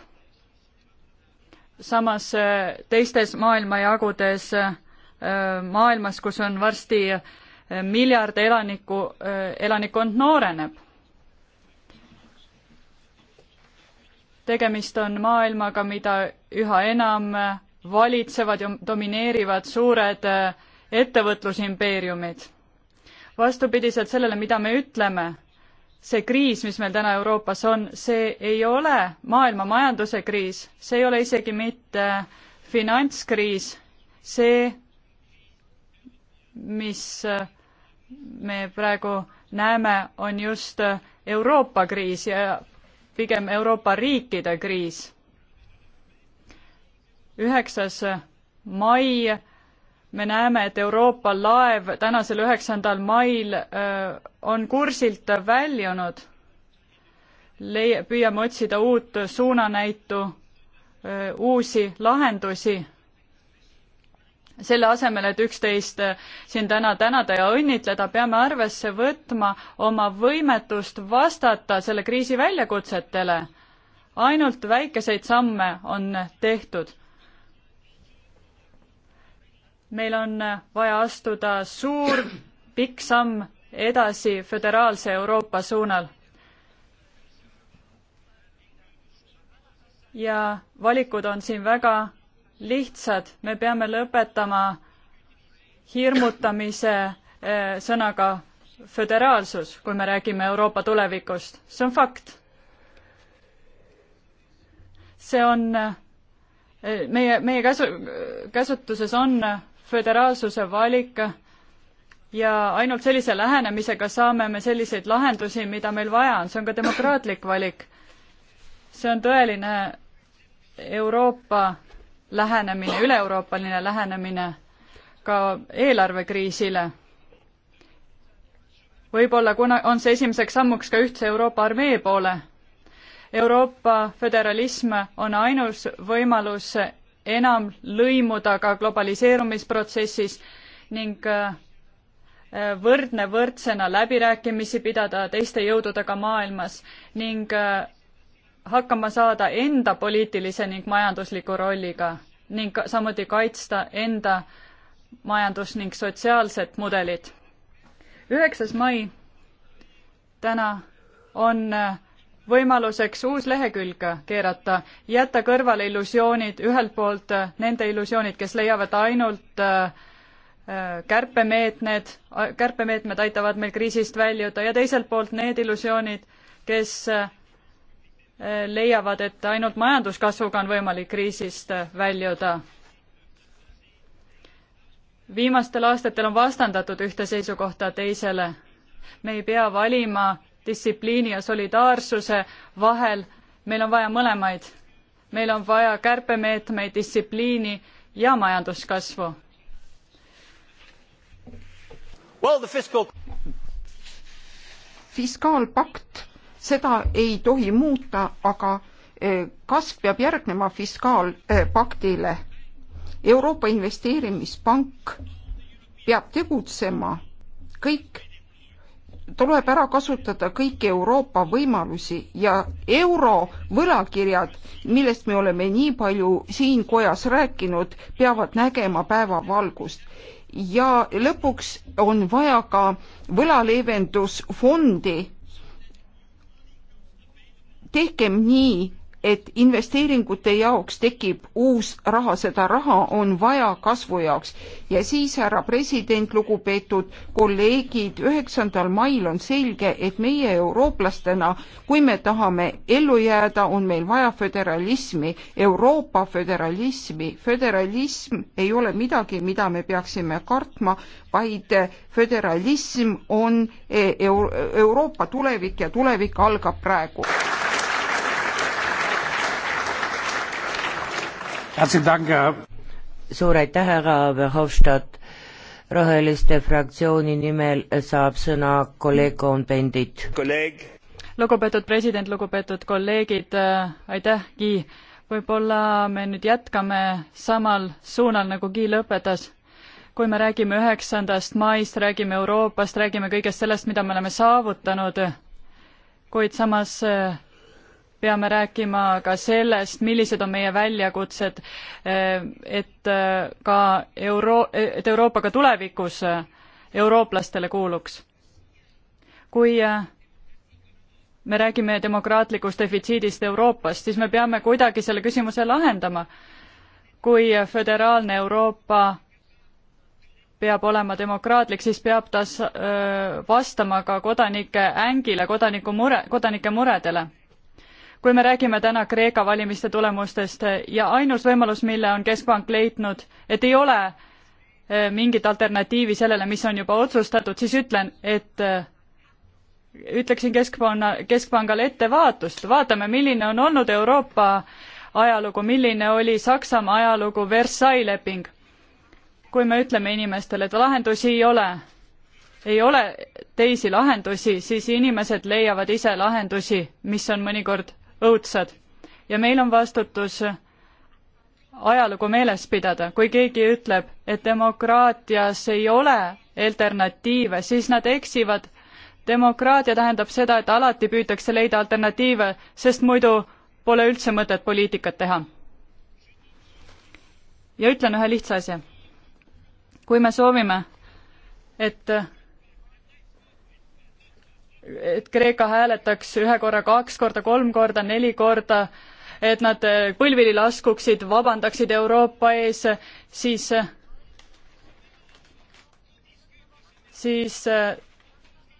samas äh, teistes maailmajagudes, äh, maailmas, kus on varsti äh, miljard elanikku, elanikkond nooreneb. tegemist on maailmaga, mida üha enam valitsevad ja domineerivad suured ettevõtlusimpeeriumid. vastupidiselt sellele, mida me ütleme, see kriis, mis meil täna Euroopas on, see ei ole maailma majanduse kriis, see ei ole isegi mitte finantskriis, see, mis me praegu näeme, on just Euroopa kriis ja pigem Euroopa riikide kriis. üheksas mai me näeme, et Euroopa laev tänasel üheksandal mail on kursilt väljunud. Leia-, püüame otsida uut suunanäitu, uusi lahendusi, selle asemel, et üksteist siin täna tänada ja õnnitleda, peame arvesse võtma oma võimetust vastata selle kriisi väljakutsetele. ainult väikeseid samme on tehtud meil on vaja astuda suur pikk samm edasi föderaalse Euroopa suunal. ja valikud on siin väga lihtsad, me peame lõpetama hirmutamise eh, sõnaga föderaalsus, kui me räägime Euroopa tulevikust, see on fakt. see on eh, meie, meie käsu, käsutuses on föderaalsuse valik ja ainult sellise lähenemisega saame me selliseid lahendusi, mida meil vaja on, see on ka demokraatlik valik. see on tõeline Euroopa lähenemine, üle-euroopaline lähenemine ka eelarvekriisile. võib-olla kuna, on see esimeseks sammuks ka ühtse Euroopa armee poole. Euroopa föderalism on ainus võimalus enam lõimuda ka globaliseerumisprotsessis ning äh, võrdne võrdsena läbirääkimisi pidada teiste jõududega maailmas ning äh, hakkama saada enda poliitilise ning majandusliku rolliga ning samuti kaitsta enda majandus- ning sotsiaalset mudelit. üheksas mai täna on äh, võimaluseks uus lehekülg keerata, jätta kõrvale illusioonid, ühelt poolt äh, nende illusioonid, kes leiavad ainult äh, äh, kärpemeetmed, kärpemeetmed aitavad meil kriisist väljuda ja teiselt poolt need illusioonid, kes leiavad, et ainult majanduskasvuga on võimalik kriisist väljuda. viimastel aastatel on vastandatud ühte seisukohta teisele. me ei pea valima distsipliini ja solidaarsuse vahel. meil on vaja mõlemaid. meil on vaja kärpemeetmeid, distsipliini ja majanduskasvu. Well, the fiscal fiskaalpakt, seda ei tohi muuta, aga e, kasv peab järgnema fiskaalpaktile. Euroopa Investeerimispank peab tegutsema, kõik tuleb ära kasutada kõiki Euroopa võimalusi ja eurovõlakirjad, millest me oleme nii palju siin kojas rääkinud, peavad nägema päevavalgust. ja lõpuks on vaja ka võlaleevendusfondi. tehkem nii, et investeeringute jaoks tekib uus raha, seda raha on vaja kasvu jaoks. ja siis, härra president, lugupeetud kolleegid, üheksandal mail on selge, et meie eurooplastena, kui me tahame ellu jääda, on meil vaja föderalismi, Euroopa föderalismi. föderalism ei ole midagi, mida me peaksime kartma, vaid föderalism on eh, Euro Euroopa tulevik ja tulevik algab praegu. suur aitäh, härra Verhofstadt. roheliste fraktsiooni nimel saab sõna kolleeg Kohn-Pendit. lugupeetud president, lugupeetud kolleegid, äh, aitäh, Guy. võib-olla me nüüd jätkame samal suunal, nagu Guy lõpetas kui me räägime üheksandast maist, räägime Euroopast, räägime kõigest sellest, mida me oleme saavutanud, kuid samas äh, peame rääkima ka sellest, millised on meie väljakutsed, eh, et eh, ka euro-, et Euroopa ka tulevikus eh, eurooplastele kuuluks. kui me räägime demokraatlikust defitsiidist Euroopast, siis me peame kuidagi selle küsimuse lahendama. kui föderaalne Euroopa peab olema demokraatlik, siis peab ta vastama ka kodanike ängile, kodaniku mure, kodanike muredele kui me räägime täna Kreeka valimiste tulemustest eh, ja ainus võimalus, mille on Keskpank leidnud, et ei ole eh, mingit alternatiivi sellele, mis on juba otsustatud, siis ütlen, et eh, ütleksin Keskpanga, Keskpangale ettevaatust, vaatame, milline on olnud Euroopa ajalugu, milline oli Saksamaa ajalugu, Versailles leping. kui me ütleme inimestele, et lahendusi ei ole, ei ole teisi lahendusi, siis inimesed leiavad ise lahendusi, mis on mõnikord õudsad. ja meil on vastutus ajalugu meeles pidada, kui keegi ütleb, et demokraatias ei ole alternatiive, siis nad eksivad. demokraatia tähendab seda, et alati püütakse leida alternatiive, sest muidu pole üldse mõtet poliitikat teha. ja ütlen ühe lihtsa asja. kui me soovime, et et Kreeka hääletaks ühe korra, kaks korda, kolm korda, neli korda, et nad eh, põlvili laskuksid, vabandaksid Euroopa ees, siis, siis eh,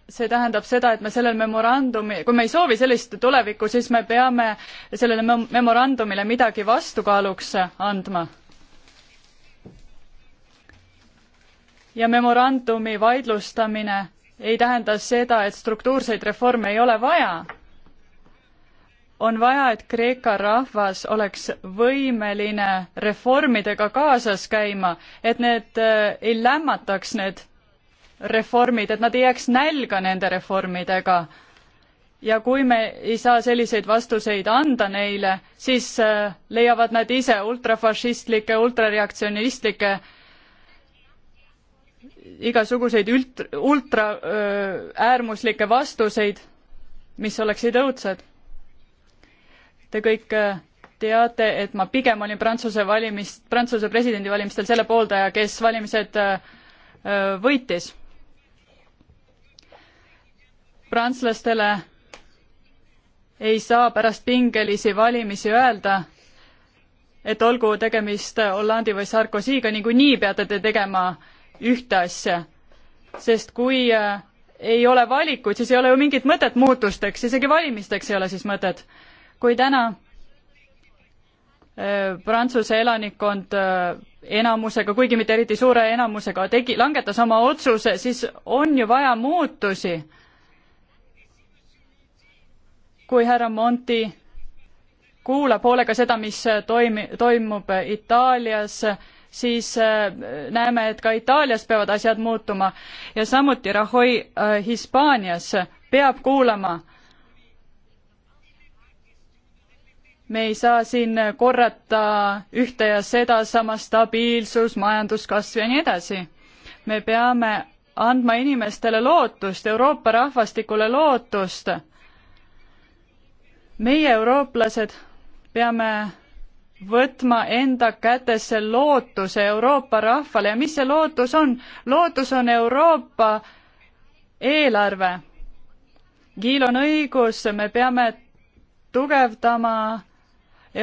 see tähendab seda, et me sellel memorandumi, kui me ei soovi sellist tulevikku, siis me peame sellele memorandumile midagi vastukaaluks andma ja memorandumi vaidlustamine ei tähenda seda, et struktuurseid reforme ei ole vaja. on vaja, et Kreeka rahvas oleks võimeline reformidega kaasas käima, et need äh, ei lämmataks, need reformid, et nad ei jääks nälga nende reformidega. ja kui me ei saa selliseid vastuseid anda neile, siis äh, leiavad nad ise ultrafašistlike, ultrareaktsionistlike äh, igasuguseid ült-, ultra öö, äärmuslikke vastuseid, mis oleksid õudsed. Te kõik teate, et ma pigem olin Prantsuse valimis, Prantsuse presidendivalimistel selle pooldaja, kes valimised öö, võitis. prantslastele ei saa pärast pingelisi valimisi öelda, et olgu tegemist Hollandi või Sarkozyga, niikuinii peate te tegema äh, ühte asja. sest kui äh, ei ole valikuid, siis ei ole ju mingit mõtet muutusteks, isegi valimisteks ei ole siis mõtet. kui täna äh, Prantsuse elanikkond äh, enamusega, kuigi mitte eriti suure enamusega, tegi, langetas oma otsuse, siis on ju vaja muutusi. kui härra Monti kuulab hoolega seda, mis toimi-, toimub Itaalias siis äh, näeme, et ka Itaalias peavad asjad muutuma ja samuti Rahoi äh, Hispaanias peab kuulama. me ei saa siin korrata ühte ja sedasama stabiilsus, majanduskasv ja nii edasi. me peame andma inimestele lootust, Euroopa rahvastikule lootust. meie, eurooplased, peame võtma enda kätesse lootuse Euroopa rahvale ja mis see lootus on? lootus on Euroopa eelarve. Giil on õigus, me peame tugevdama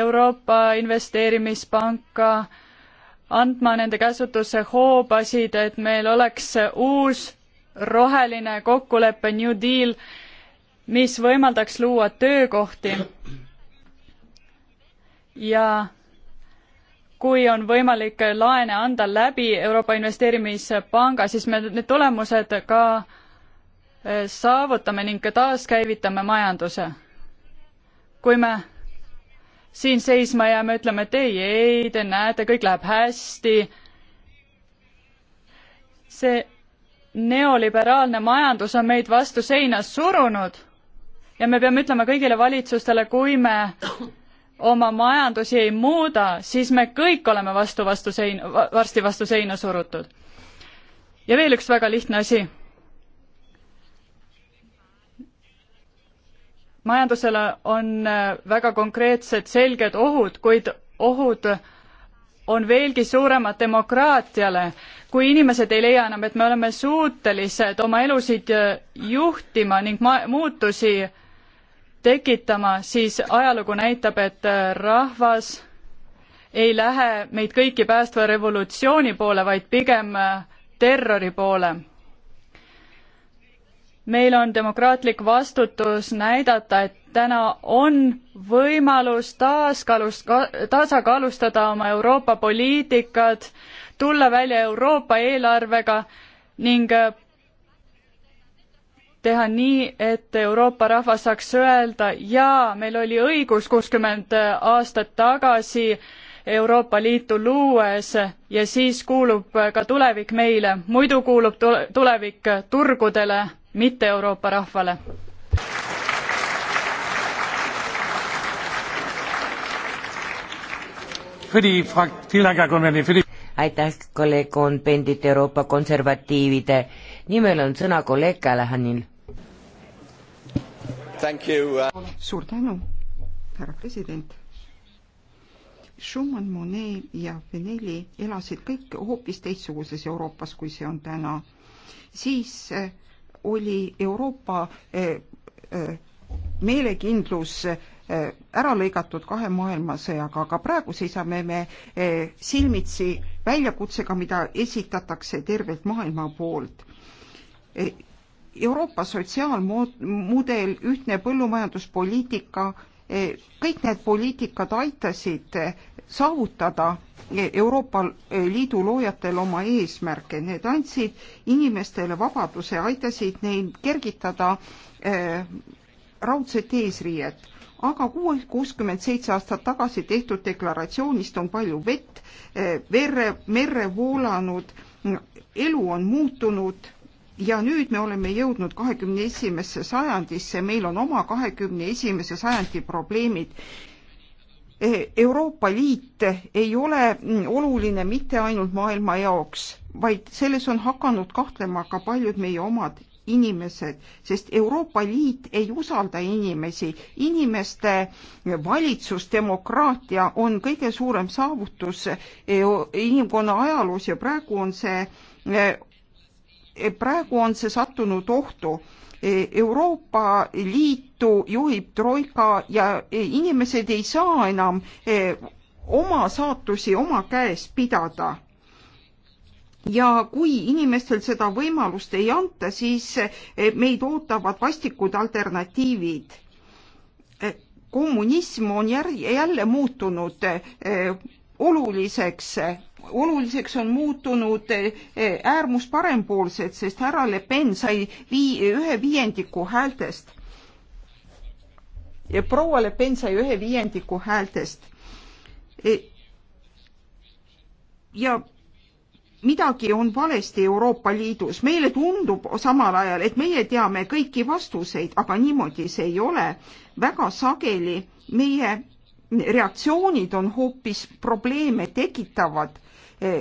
Euroopa Investeerimispanka, andma nende käsutusse hoobasid, et meil oleks uus roheline kokkulepe, New Deal, mis võimaldaks luua töökohti ja kui on võimalik laene anda läbi Euroopa Investeerimispanga, siis me need tulemused ka e, saavutame ning taaskäivitame majanduse. kui me siin seisma jääme, ütleme, et ei, ei, te näete, kõik läheb hästi. see neoliberaalne majandus on meid vastu seina surunud ja me peame ütlema kõigile valitsustele, kui me oma majandusi ei muuda, siis me kõik oleme vastu, vastu sein-, varsti vastu seina surutud. ja veel üks väga lihtne asi. majandusele on äh, väga konkreetsed selged ohud, kuid ohud on veelgi suuremad demokraatiale, kui inimesed ei leia enam, et me oleme suutelised oma elusid äh, juhtima ning ma-, muutusi tekitama, siis ajalugu näitab, et äh, rahvas ei lähe meid kõiki päästva revolutsiooni poole, vaid pigem äh, terrori poole. meil on demokraatlik vastutus näidata, et täna on võimalus taaskaalust, tasakaalustada oma Euroopa poliitikat, tulla välja Euroopa eelarvega ning äh, teha nii, et Euroopa rahvas saaks öelda jaa, meil oli õigus kuuskümmend äh, aastat tagasi Euroopa Liitu luues ja siis kuulub äh, ka tulevik meile, muidu kuulub tulevik äh, turgudele, mitte Euroopa rahvale. aitäh, kolleeg Kohn-Pendit Euroopa konservatiivide nimel on sõna kolleeg Kälehanil. Uh, suur tänu, härra president. Schumann, Monet ja Benelli elasid kõik hoopis teistsuguses Euroopas, kui see on täna. siis eh, oli Euroopa eh, eh, meelekindlus ära lõigatud kahe maailmasõjaga, aga praegu seisame me silmitsi väljakutsega, mida esitatakse tervelt maailma poolt. Euroopa sotsiaalmudel, ühtne põllumajanduspoliitika, kõik need poliitikad aitasid saavutada Euroopa Liidu loojatel oma eesmärke, need andsid inimestele vabaduse, aitasid neil kergitada eh, raudset eesriiet aga kuuel, kuuskümmend seitse aastat tagasi tehtud deklaratsioonist on palju vett, eh, verre, merre voolanud, elu on muutunud ja nüüd me oleme jõudnud kahekümne esimesse sajandisse, meil on oma kahekümne esimese sajandi probleemid. E, Euroopa Liit ei ole mm, oluline mitte ainult maailma jaoks, vaid selles on hakanud kahtlema ka paljud meie omad inimesed, sest Euroopa Liit ei usalda inimesi. inimeste valitsusdemokraatia on kõige suurem saavutus e, inimkonna ajaloos ja praegu on see e, Eh, praegu on see sattunud ohtu. Eh, Euroopa Liitu juhib troika ja eh, inimesed ei saa enam oma saatusi oma käes pidada ja kui inimestel seda võimalust ei anta, siis meid ootavad vastikud alternatiivid. kommunism on jälle muutunud oluliseks oluliseks on muutunud eh, äärmus parempoolsed, sest härra Le Pen sai vii-, ühe viiendiku häältest. ja proua Le Pen sai ühe viiendiku häältest. Eh, ja midagi on valesti Euroopa Liidus, meile tundub samal ajal, et meie teame kõiki vastuseid, aga niimoodi see ei ole. väga sageli meie reaktsioonid on hoopis probleeme tekitavad.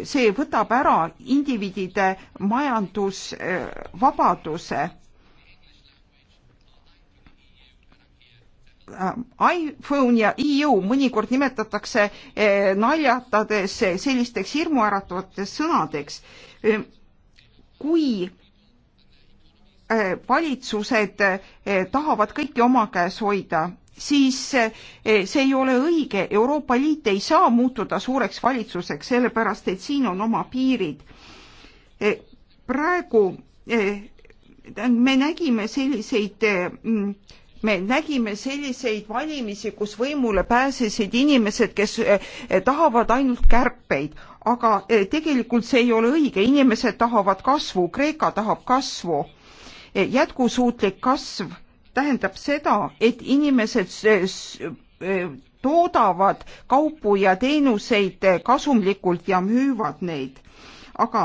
see võtab ära indiviidide majandusvabaduse. iPhone ja EU mõnikord nimetatakse eh, naljatades sellisteks hirmuäratavateks sõnadeks. kui eh, valitsused eh, tahavad kõiki oma käes hoida, siis eh, see ei ole õige. Euroopa Liit ei saa muutuda suureks valitsuseks, sellepärast et siin on oma piirid. Eh, praegu eh, me nägime selliseid mm, me nägime selliseid valimisi, kus võimule pääsesid inimesed, kes tahavad ainult kärpeid, aga tegelikult see ei ole õige, inimesed tahavad kasvu, Kreeka tahab kasvu, jätkusuutlik kasv tähendab seda, et inimesed eh, toodavad kaupu ja teenuseid kasumlikult ja müüvad neid. aga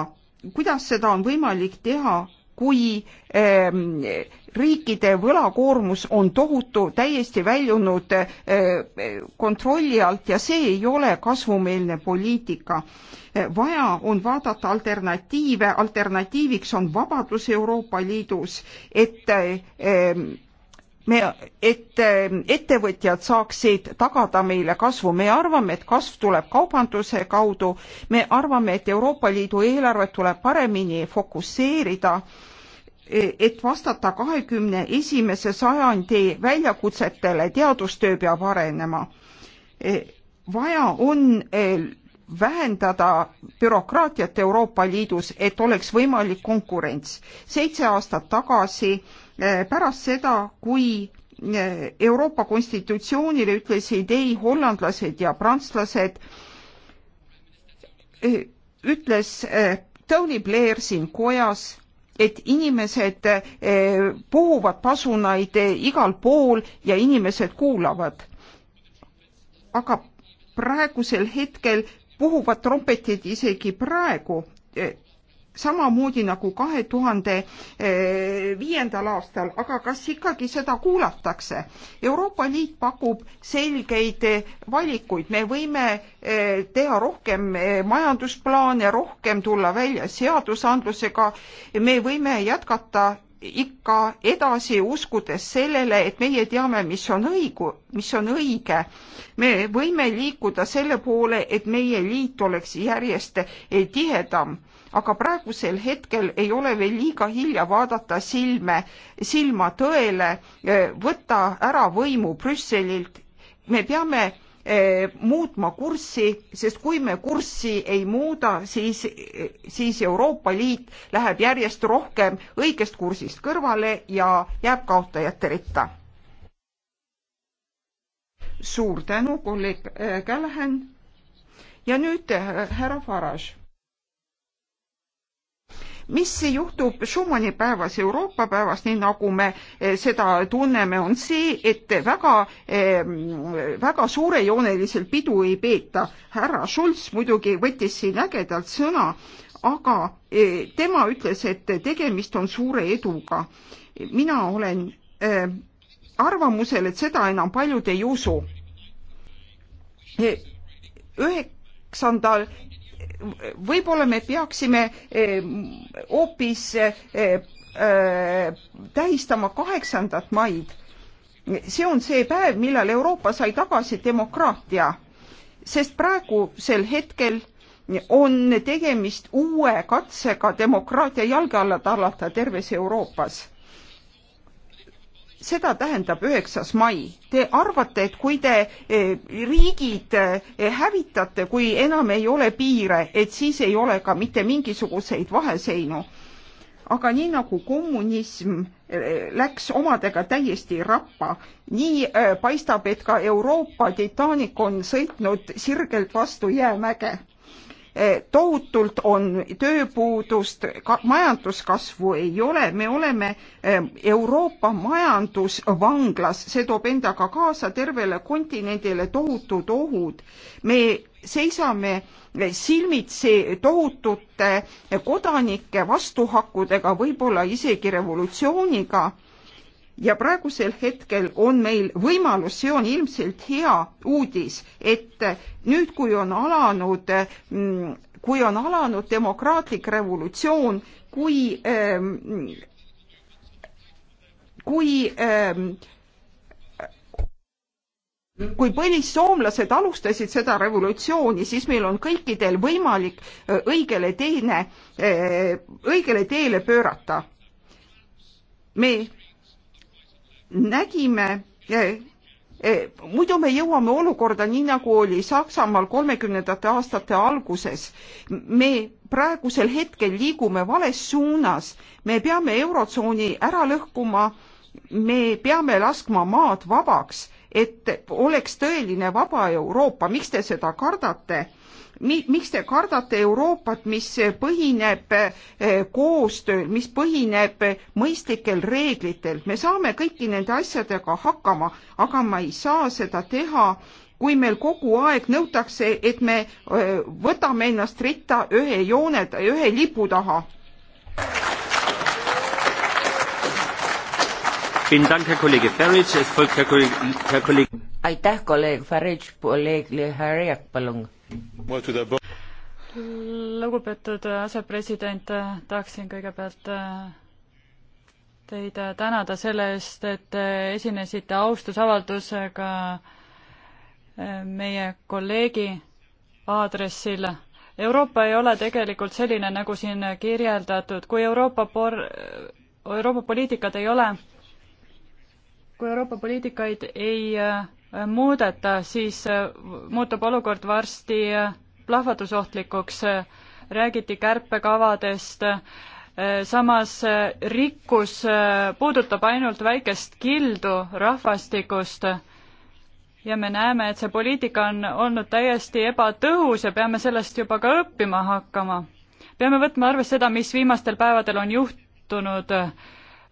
kuidas seda on võimalik teha, kui ähm, riikide võlakoormus on tohutu, täiesti väljunud äh, kontrolli alt ja see ei ole kasvumeelne poliitika. vaja on vaadata alternatiive, alternatiiviks on vabadus Euroopa Liidus, et ähm, me, et ähm, ettevõtjad saaksid tagada meile kasvu, me arvame, et kasv tuleb kaubanduse kaudu, me arvame, et Euroopa Liidu eelarvet tuleb paremini fokusseerida, e, et vastata kahekümne esimese sajandi väljakutsetele, teadustöö peab arenema. E, vaja on e, vähendada bürokraatiat Euroopa Liidus, et oleks võimalik konkurents. seitse aastat tagasi Eh, pärast seda, kui eh, Euroopa konstitutsioonile ütlesid ei hollandlased ja prantslased, eh, ütles Tony Blair siin kojas, et inimesed puhuvad pasunaid igal pool ja inimesed kuulavad. aga praegusel hetkel puhuvad trompetid isegi praegu samamoodi nagu kahe tuhande viiendal aastal, aga kas ikkagi seda kuulatakse? Euroopa Liit pakub selgeid valikuid, me võime eh, teha rohkem eh, majandusplaane, rohkem tulla välja seadusandlusega, me võime jätkata ikka edasi uskudes sellele, et meie teame, mis on õigu, mis on õige. me võime liikuda selle poole, et meie liit oleks järjest eh, tihedam aga praegusel hetkel ei ole veel liiga hilja vaadata silme, silma tõele, eh, võtta ära võimu Brüsselilt. me peame eh, muutma kurssi, sest kui me kurssi ei muuda, siis, siis Euroopa Liit läheb järjest rohkem õigest kursist kõrvale ja jääb kaotajate ritta. suur tänu, kolleeg Kälahen. Eh, ja nüüd härra Farage mis juhtub Schumanni päevas, Euroopa päevas, nii nagu me eh, seda tunneme, on see, et väga, eh, väga suurejooneliselt pidu ei peeta. härra Schulz muidugi võttis siin ägedalt sõna, aga eh, tema ütles, et tegemist on suure eduga. mina olen arvamusel, et seda enam paljud ei usu. üheksandal võib-olla me peaksime eh, hoopis eh, eh, tähistama kaheksandat maid. see on see päev, millal Euroopa sai tagasi demokraatia, sest praegusel hetkel on tegemist uue katsega demokraatia jalge alla tallata terves Euroopas seda tähendab üheksas mai. Te arvate, et kui te eh, riigid eh, hävitate, kui enam ei ole piire, et siis ei ole ka mitte mingisuguseid vaheseinu. aga nii nagu kommunism eh, läks omadega täiesti rappa, nii paistab, et ka Euroopa Titanic on sõitnud sirgelt vastu jäämäge Eh, tohutult on tööpuudust, majanduskasvu ei ole, me oleme eh, Euroopa majandusvanglas, see toob endaga kaasa tervele kontinendile tohutud ohud. me seisame eh, silmitsi tohutute kodanike vastuhakkudega, võib-olla isegi revolutsiooniga ja praegusel hetkel on meil võimalus, see on ilmselt hea uudis, et nüüd, kui on alanud, mm, kui on alanud demokraatlik revolutsioon, kui ähm,, kui ähm, kui põlissoomlased alustasid seda revolutsiooni, siis meil on kõikidel võimalik õigele teene, õigele teele pöörata. me nägime eh, eh, muidu me jõuame olukorda nii nagu oli Saksamaal kolmekümnendate aastate alguses. me praegusel hetkel liigume vales suunas, me peame Eurotsooni ära lõhkuma, me peame laskma maad vabaks, et oleks tõeline vaba Euroopa, miks te seda kardate? mi-, miks te kardate Euroopat, mis põhineb eh, koostööl, mis põhineb mõistlikel reeglitel, me saame kõiki nende asjadega hakkama, aga ma ei saa seda teha, kui meil kogu aeg nõutakse, et me eh, võtame ennast ritta ühe joone, ühe lipu taha. aitäh, kolleeg Farage, kolleeg Le Harjak, palun lugupeetud asepresident, tahaksin kõigepealt äh, teid äh, tänada selle eest, et äh, esinesite austusavaldusega meie kolleegi aadressil. Euroopa ei ole tegelikult selline, nagu siin kirjeldatud, kui Euroopa por-, Euroopa poliitikad ei ole, kui Euroopa poliitikaid ei äh, muudeta, siis äh, muutub olukord varsti äh, plahvatusohtlikuks. räägiti kärpekavadest, äh, samas rikkus puudutab ainult väikest kildu rahvastikust ja me näeme, et see poliitika on olnud täiesti ebatõhus ja peame sellest juba ka õppima hakkama. peame võtma arvesse seda, mis viimastel päevadel on juhtunud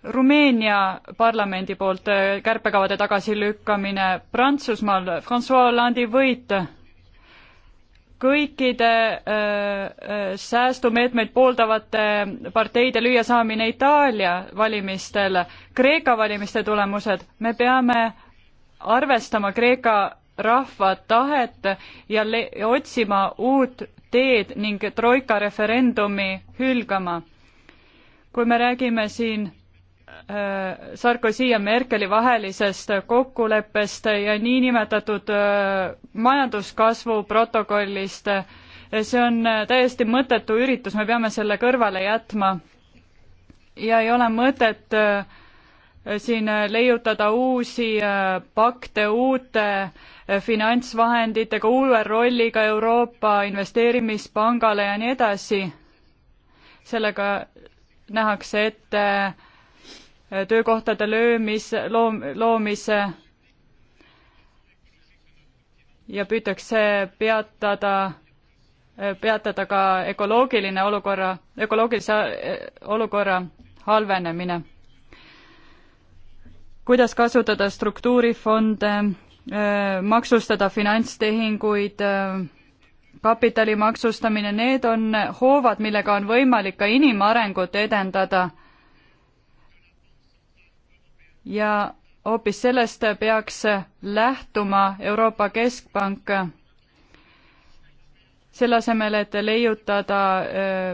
Rumeenia parlamendi poolt äh, kärpekavade tagasilükkamine, Prantsusmaal Francois Hollande'i võit, kõikide äh, äh säästumeetmeid pooldavate parteide lüüasaamine Itaalia valimistel, Kreeka valimiste tulemused, me peame arvestama Kreeka rahva tahet ja le-, otsima uut teed ning troika referendumi hülgama. kui me räägime siin Äh, Sarkozy ja Merkeli vahelisest kokkuleppest ja niinimetatud äh, majanduskasvu protokollist. see on äh, täiesti mõttetu üritus, me peame selle kõrvale jätma. ja ei ole mõtet siin leiutada uusi pakte uute finantsvahenditega, uue rolliga Euroopa Investeerimispangale ja nii edasi. sellega nähakse ette äh, töökohtade löömis, loom-, loomise ja püütakse peatada, peatada ka ökoloogiline olukorra, ökoloogilise olukorra halvenemine. kuidas kasutada struktuurifonde, maksustada finantstehinguid, kapitali maksustamine, need on hoovad, millega on võimalik ka inimarengut edendada ja hoopis sellest peaks lähtuma Euroopa Keskpank, selle asemel, et leiutada äh,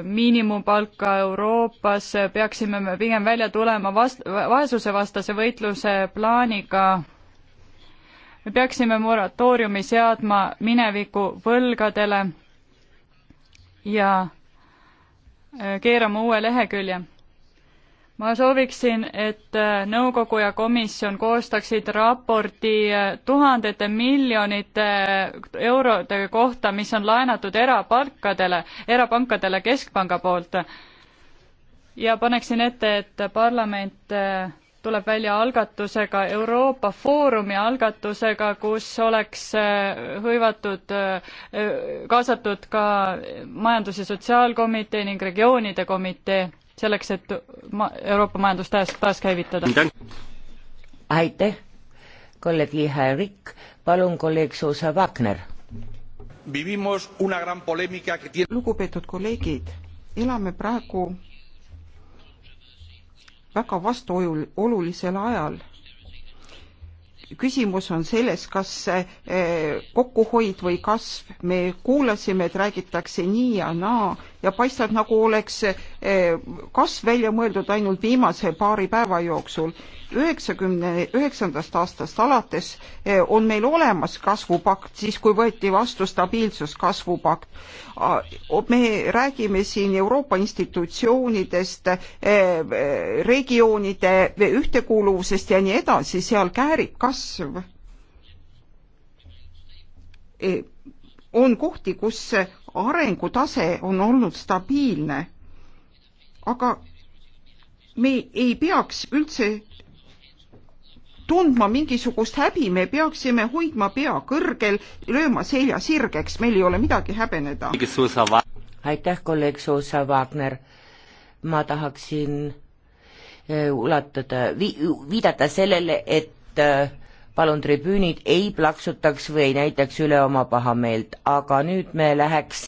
miinimumpalka Euroopas, peaksime me pigem välja tulema vast-, vaesusevastase võitluse plaaniga. me peaksime moratooriumi seadma mineviku võlgadele ja äh, keerama uue lehekülje ma sooviksin, et äh, nõukogu ja komisjon koostaksid raporti äh, tuhandete miljonite äh, eurode kohta, mis on laenatud erapankadele, erapankadele Keskpanga poolt. ja paneksin ette, et parlament tuleb välja algatusega, Euroopa Foorumi algatusega, kus oleks hõivatud, kaasatud ka Majandus- ja Sotsiaalkomitee ning regioonide komitee selleks, et ma-, Euroopa majandust taas, taaskäivitada. aitäh, kolleeg Liha Rikk, palun kolleeg Zuza Wagner. lugupeetud kolleegid, elame praegu väga vastuolulisel ajal. küsimus on selles, kas eh, kokkuhoid või kasv, me kuulasime, et räägitakse nii ja naa ja paistab, nagu oleks eh, kasv välja mõeldud ainult viimase paari päeva jooksul. üheksakümne üheksandast aastast alates eh, on meil olemas kasvupakt, siis kui võeti vastu stabiilsuskasvupakt. Ah, me räägime siin Euroopa institutsioonidest, eh, regioonide ühtekuuluvusest ja nii edasi, seal käärib kasv on kohti, kus arengutase on olnud stabiilne, aga me ei peaks üldse tundma mingisugust häbi, me peaksime hoidma pea kõrgel, lööma selja sirgeks, meil ei ole midagi häbeneda. aitäh, kolleeg Zusa Wagner. ma tahaksin eh, ulatada vi,, viidata sellele, et äh, palun tribüünid ei plaksutaks või ei näitaks üle oma pahameelt, aga nüüd me läheks